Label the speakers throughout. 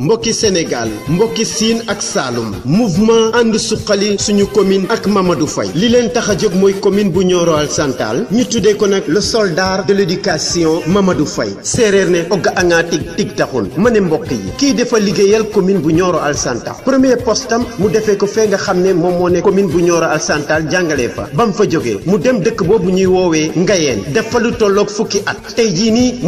Speaker 1: mbokki Sénégal mbokki Sine ak Salom, mouvement and Soukali, suñu commune ak Mamadou Faye li leen Moui commune bu al Santal ñu tuddee le soldat de l'éducation Mamadou Faye séeréer Oga ogga Tik tig tig taxul ma ne yi commune bu al Santal premier postam mu Kofenga ko Momone nga commune bu al Santal Djangalefa. fa Moudem mu fa jógee mu dem dëkk at Tejini,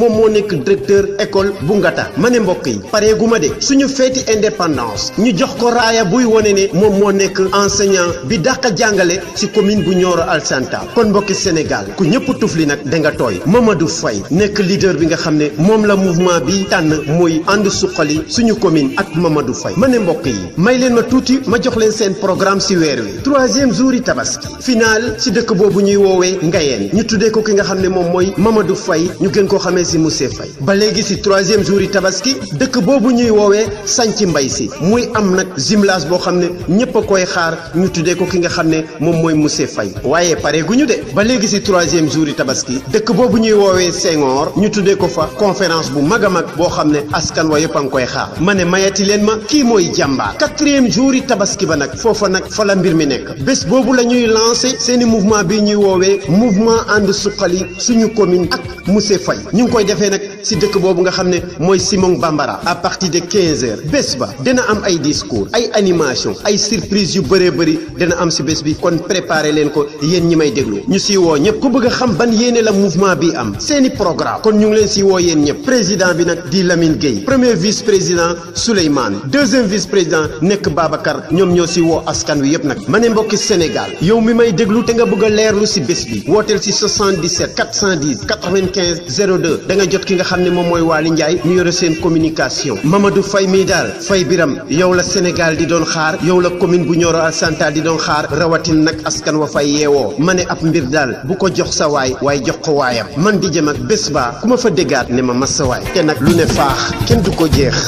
Speaker 1: directeur école Bungata. Ngata Pare Goumade suñu fête indépendance ñu jox ko raaya buy wone ne moom moo nekk enseignant bi dàq a jàngale ci commune bu Nioro Alsanta kon mbokki Sénégal ku ñëpp tufli nag da toy. tooy Mamadou Faye nekk leader bi nga xam ne moom la mouvement bi tànn muy ànd suqali suñu commune ak Mamadou Faye ma ne mbokk yi may leen ma tuuti ma jox leen seen programme ci weer wi troisième jour yi tabaski final ci dëkk boobu ñuy woowee Ngayeen ñu tuddee ko ki nga xam ne moom mooy Mamadou Faye ñu gën ko xamee ci Moussé Faye ba léegi ci troisième jour yi tabaski dëkk boobu ñuy woowee ñëwee sanc mbay si muy am nag jumelage boo xam ne ñëpp a koy xaar ñu tuddee ko ki nga xam ne moom mooy monsieur fay waaye pare gu ñu de ba léegi si troisième jour yi tabaski dëkk boobu ñuy woowee Senghor ñu tuddee ko fa conférence bu mag a mag boo xam ne askan wa yëpp a ngi koy xaar ma ne mayati leen ma kii mooy jàmbaar quatrième jour yi tabaski ba nag foofa nag fa la mbir mi nekk bés boobu la ñuy lancé seeni mouvement bi ñuy woowee mouvement ànd suqali suñu commune ak monsieur Faye ñu ngi koy defee nag si dëkk boobu nga xam ne mooy Simon quinze heures bés ba dina am ay discours ay animation ay surprise yu bëree bëri dina am si bés bi kon préparé leen ko yéen ñi may déglu ñu si woo ñëpp ku bëgg a xam ban yéene la mouvement bi am seeni programme kon ñu ngi leen si woo yéen ñëpp président bi nag di Lamine Gueye premier vice président Souleymane deuxième vice président nekk Babacar ñoom ñoo si woo askan wi yëpp nag ma ne mbokki Sénégal yow mi may déglu te nga bëgg a leerlu si bés bi wooteel si 77 410 95 02 da nga jot ki nga xam ne moom mooy Waly Ndiaye ñu yore seen communication fay mii daal fay biram yow la Sénégal di doon xaar yow la commune bu Nioro Alassane Tall di doon xaar rawatin nag askan wa fay yeewoo ma ne ab mbir daal bu ko jox sa waay waaye jox ko waayam man di jëm ak bés ba ku ma fa déggaat ne ma mas sa waay te nag lu ne faax kenn du ko jeex